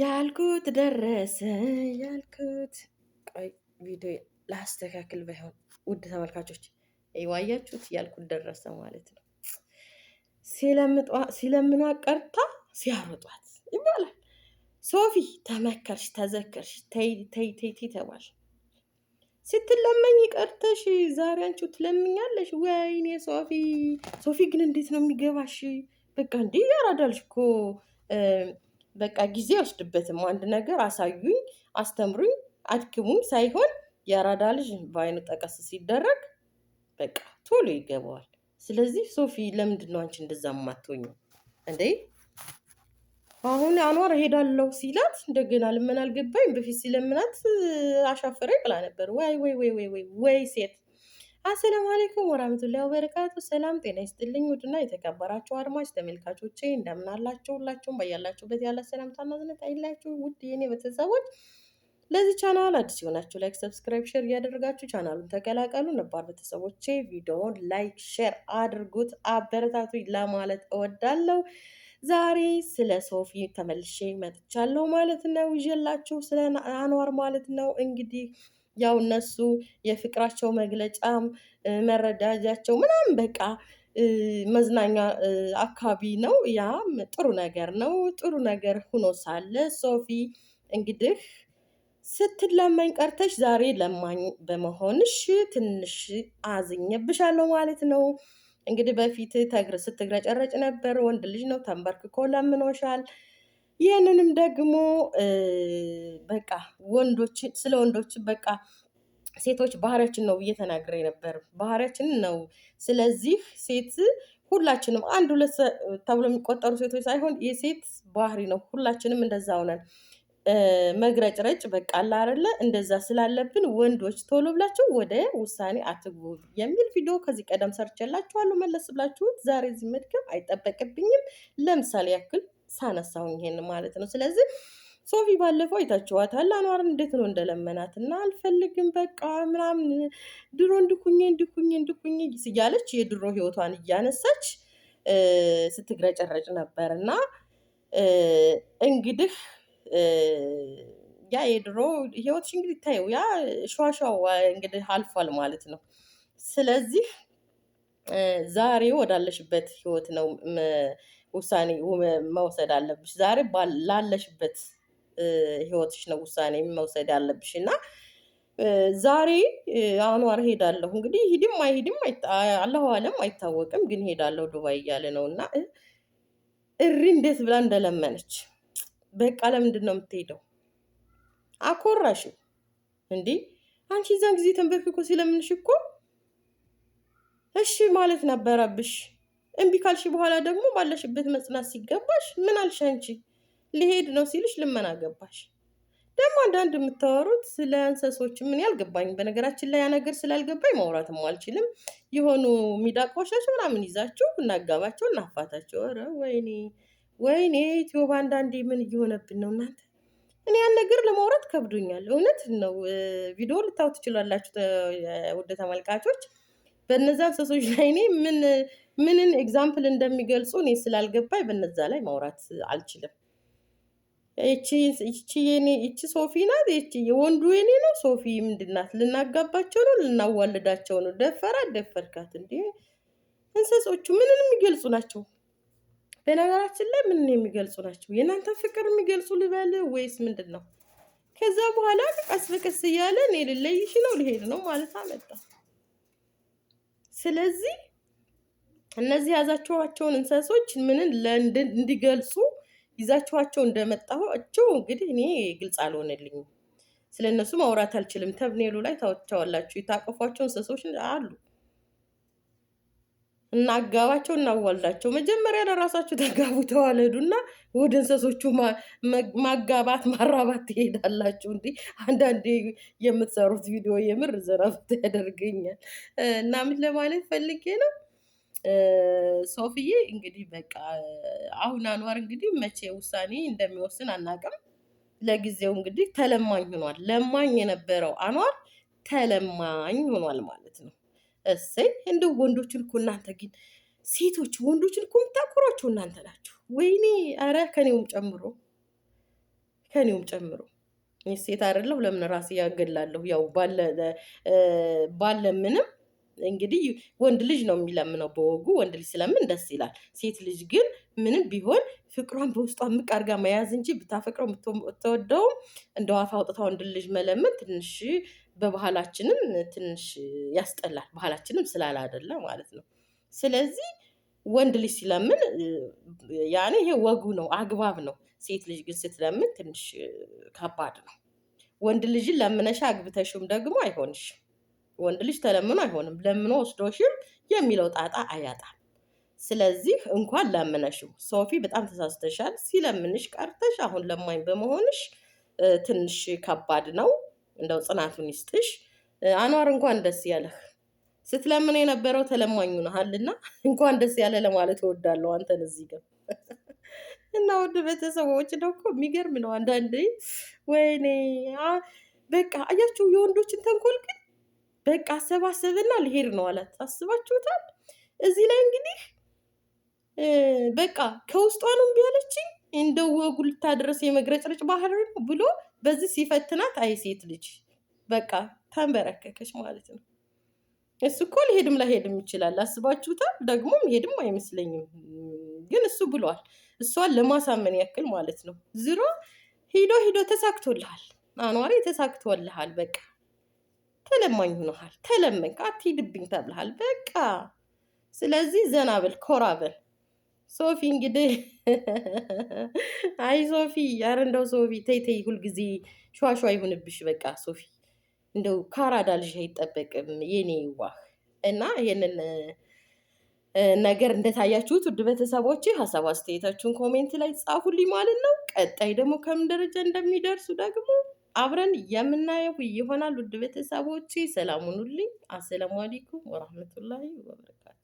ያልኩት ደረሰ ያልኩት። ቆይ ቪዲዮ ላስተካክል ባይሆን፣ ውድ ተመልካቾች ይዋያችሁት ያልኩት ደረሰ ማለት ነው። ሲለምኗ ቀርታ ሲያርጧት ይባላል። ሶፊ ተመከርሽ፣ ተዘከርሽ፣ ተይቴቴ ተባል። ስትለመኝ ቀርተሽ ዛሬ አንቺው ትለምኛለሽ። ወይኔ ሶፊ ሶፊ ግን እንዴት ነው የሚገባሽ? በቃ እንዲህ ያራዳልሽ እኮ በቃ ጊዜ አይወስድበትም። አንድ ነገር አሳዩኝ፣ አስተምሩኝ፣ አድክሙኝ ሳይሆን የአራዳ ልጅ በአይኑ ጠቀስ ሲደረግ በቃ ቶሎ ይገባዋል። ስለዚህ ሶፊ ለምንድን ነው አንቺ እንደዛ ማትሆኝ እንዴ? አሁን አኗር እሄዳለሁ ሲላት እንደገና ልመን አልገባኝ በፊት ሲለምናት አሻፈረኝ ብላ ነበር። ወይ ወይ ወይ ወይ ወይ ሴት አሰላሙ አሌይኩም ወራህመቱላሂ ወበረካቱ። ሰላም ጤና ይስጥልኝ። ውድና የተከበራችሁ አድማጭ ተመልካቾቼ እንደምን አላችሁ? ሁላችሁም በያላችሁበት ያለ ሰላምታና እዝነት አይላችሁ። ውድ የኔ ቤተሰቦች ለዚህ ቻናል አዲስ የሆናችሁ ላይክ፣ ሰብስክራይብ፣ ሼር እያደረጋችሁ ቻናሉን ተቀላቀሉ። ነባር ቤተሰቦቼ ቪዲዮውን ላይክ፣ ሼር አድርጉት አበረታቱ ለማለት እወዳለሁ። ዛሬ ስለ ሶፊ ተመልሼ መጥቻለሁ ማለት ነው። ይዤላችሁ ስለ አንዋር ማለት ነው እንግዲህ ያው እነሱ የፍቅራቸው መግለጫ መረዳጃቸው ምናምን በቃ መዝናኛ አካባቢ ነው። ያም ጥሩ ነገር ነው። ጥሩ ነገር ሆኖ ሳለ ሶፊ እንግዲህ ስትለመኝ ቀርተሽ ዛሬ ለማኝ በመሆንሽ ትንሽ አዝኜብሻለሁ ማለት ነው። እንግዲህ በፊት ተግር ስትግረጨረጭ ነበር። ወንድ ልጅ ነው፣ ተንበርክኮ ለምኖሻል። ይህንንም ደግሞ በቃ ወንዶች ስለ ወንዶች በቃ ሴቶች ባህሪያችን ነው ብዬ ተናግሬ ነበር። ባህሪያችን ነው። ስለዚህ ሴት ሁላችንም አንድ ሁለት ተብሎ የሚቆጠሩ ሴቶች ሳይሆን የሴት ባህሪ ነው። ሁላችንም እንደዛ ሆነን ረጭ በቃ አላረለ እንደዛ ስላለብን ወንዶች ቶሎ ብላችሁ ወደ ውሳኔ አትግቡ የሚል ቪዲዮ ከዚህ ቀደም ሰርቼላችኋለሁ። መለስ ብላችሁት ዛሬ እዚህ መድገም አይጠበቅብኝም። ለምሳሌ ያክል ሳነሳውን ይሄን ማለት ነው። ስለዚህ ሶፊ ባለፈው አይታችኋታል። አኗርን እንዴት ነው እንደለመናት እና አልፈልግም በቃ ምናምን ድሮ እንድኩኝ እንድኩኝ እንድኩኝ እያለች የድሮ ህይወቷን እያነሳች ስትግረጨረጭ ነበር እና እንግዲህ ያ የድሮ ህይወትሽ እንግዲህ ታየው ያ ሸዋሸዋ እንግዲህ አልፏል ማለት ነው። ስለዚህ ዛሬ ወዳለሽበት ህይወት ነው ውሳኔ መውሰድ አለብሽ። ዛሬ ላለሽበት ህይወትሽ ነው ውሳኔ መውሰድ ያለብሽ እና ዛሬ አኗር ሄዳለሁ እንግዲህ ሂድም አይሂድም አለሁ አለም አይታወቅም፣ ግን ሄዳለሁ ዱባይ እያለ ነው እና እሪ እንዴት ብላ እንደለመነች በቃ ለምንድን ነው የምትሄደው? አኮራሽ እንዲህ አንቺ እዛን ጊዜ ተንበርክኮ ሲለምንሽ እኮ እሺ ማለት ነበረብሽ። እምቢ ካልሽ በኋላ ደግሞ ባለሽበት መጽናት ሲገባሽ ምን አልሽ አንቺ? ሊሄድ ነው ሲልሽ ልመና ገባሽ። ደግሞ አንዳንድ የምታወሩት ስለ እንሰሶች ምን ያልገባኝ፣ በነገራችን ላይ ያ ነገር ስላልገባኝ ማውራትም አልችልም። የሆኑ ሚዳቆሻች ምናምን ይዛችሁ እናጋባቸው፣ እናፋታቸው። ኧረ ወይኔ ወይኔ፣ ኢትዮባ አንዳንዴ ምን እየሆነብን ነው እናንተ? እኔ ያን ነገር ለማውራት ከብዶኛል። እውነት ነው። ቪዲዮ ልታው ትችላላችሁ ወደ ተመልካቾች። በነዛ እንሰሶች ላይ እኔ ምን ምንን ኤግዛምፕል እንደሚገልጹ እኔ ስላልገባኝ በነዛ ላይ ማውራት አልችልም። ይቺ ሶፊ ናት፣ እቺ የወንዱ የኔ ነው። ሶፊ ምንድናት? ልናጋባቸው ነው፣ ልናዋልዳቸው ነው። ደፈራ ደፈርካት። እንዲ እንሰሶቹ ምንን የሚገልጹ ናቸው? በነገራችን ላይ ምን የሚገልጹ ናቸው? የእናንተ ፍቅር የሚገልጹ ልበል ወይስ ምንድን ነው? ከዛ በኋላ ቀስ በቀስ እያለ እኔ ልለይሽ ነው ልሄድ ነው ማለት አመጣ። ስለዚህ እነዚህ ያዛቸዋቸውን እንሰሶች ምንን እንዲገልጹ ይዛችኋቸው እንደመጣኋቸው እንግዲህ እኔ ግልጽ አልሆነልኝም። ስለ እነሱ ማውራት አልችልም። ተብኔሉ ላይ ታወቻዋላችሁ። የታቀፏቸው እንስሶች አሉ። እናጋባቸው፣ እናዋልዳቸው። መጀመሪያ ለራሳችሁ ተጋቡ፣ ተዋለዱ እና ወደ እንስሶቹ ማጋባት ማራባት ትሄዳላችሁ። እንዲህ አንዳንዴ የምትሰሩት ቪዲዮ የምር ዘራፍት ያደርገኛል እና ምን ለማለት ፈልጌ ነው ሶፍዬ እንግዲህ በቃ አሁን አንዋር እንግዲህ መቼ ውሳኔ እንደሚወስን አናውቅም። ለጊዜው እንግዲህ ተለማኝ ሆኗል። ለማኝ የነበረው አንዋር ተለማኝ ሆኗል ማለት ነው። እሰይ እንደው ወንዶችን እኮ እናንተ ግን ሴቶች ወንዶችን እኮ የምታኮሯቸው እናንተ ናቸው። ወይኔ አረ ከኔውም ጨምሮ ከኔውም ጨምሮ ሴት አይደለሁ ለምን ራሴ ያገላለሁ? ያው ባለ ምንም እንግዲህ ወንድ ልጅ ነው የሚለምነው በወጉ ወንድ ልጅ ስለምን ደስ ይላል። ሴት ልጅ ግን ምንም ቢሆን ፍቅሯን በውስጧ ምቅ አድርጋ መያዝ እንጂ ብታፈቅረው ተወደውም እንደ ዋፋ አውጥታ ወንድ ልጅ መለመን ትንሽ በባህላችንም ትንሽ ያስጠላል። ባህላችንም ስላለ አይደለ ማለት ነው። ስለዚህ ወንድ ልጅ ሲለምን ያኔ ይሄ ወጉ ነው፣ አግባብ ነው። ሴት ልጅ ግን ስትለምን ትንሽ ከባድ ነው። ወንድ ልጅን ለምነሽ አግብተሽም ደግሞ አይሆንሽም። ወንድ ልጅ ተለምኖ አይሆንም። ለምኖ ወስዶሽም የሚለው ጣጣ አያጣም። ስለዚህ እንኳን ለምነሽው ሶፊ፣ በጣም ተሳስተሻል። ሲለምንሽ ቀርተሽ አሁን ለማኝ በመሆንሽ ትንሽ ከባድ ነው። እንደው ጽናቱን ይስጥሽ። አኗር እንኳን ደስ ያለህ። ስትለምነው የነበረው ተለማኙ ነሃልና እንኳን ደስ ያለ ለማለት እወዳለሁ አንተን እዚህ ጋር እና ወደ ቤተሰቦች ነው እኮ የሚገርም ነው። አንዳንዴ ወይኔ በቃ አያችሁ የወንዶችን ተንኮል ግን በቃ አሰባሰብና ልሄድ ነው አላት። አስባችሁታል? እዚህ ላይ እንግዲህ በቃ ከውስጧ ነው እምቢ አለችኝ እንደ ወጉ ልታደረስ የመግረጭረጭ ባህር ነው ብሎ በዚህ ሲፈትናት፣ አይ ሴት ልጅ በቃ ተንበረከከች ማለት ነው። እሱ እኮ ሊሄድም ላይሄድም ይችላል። አስባችሁታል? ደግሞ ሄድም አይመስለኝም፣ ግን እሱ ብሏል። እሷን ለማሳመን ያክል ማለት ነው። ዝሮ ሂዶ ሂዶ ተሳክቶልሃል፣ አኗሪ ተሳክቶልሃል በቃ ተለማኝ ሆነሃል። ተለመንክ፣ አትሂድብኝ ተብልሃል። በቃ ስለዚህ ዘና በል ኮራ በል ሶፊ እንግዲህ አይ ሶፊ፣ ኧረ እንደው ሶፊ ተይ ተይ፣ ሁልጊዜ ሸዋሸዋ ይሁንብሽ። በቃ ሶፊ እንደው ካራዳ ልጅ አይጠበቅም የኔ ዋህ እና ይሄንን ነገር እንደታያችሁት ውድ ቤተሰቦች ሀሳብ አስተያየታችሁን ኮሜንት ላይ ጻፉልኝ ማለት ነው። ቀጣይ ደግሞ ከምን ደረጃ እንደሚደርሱ ደግሞ አብረን የምናየው ይሆናል። ውድ ቤተሰቦቼ ሰላም ሁኑልኝ። አሰላሙ አለይኩም ወራህመቱላሂ ወበረካቱ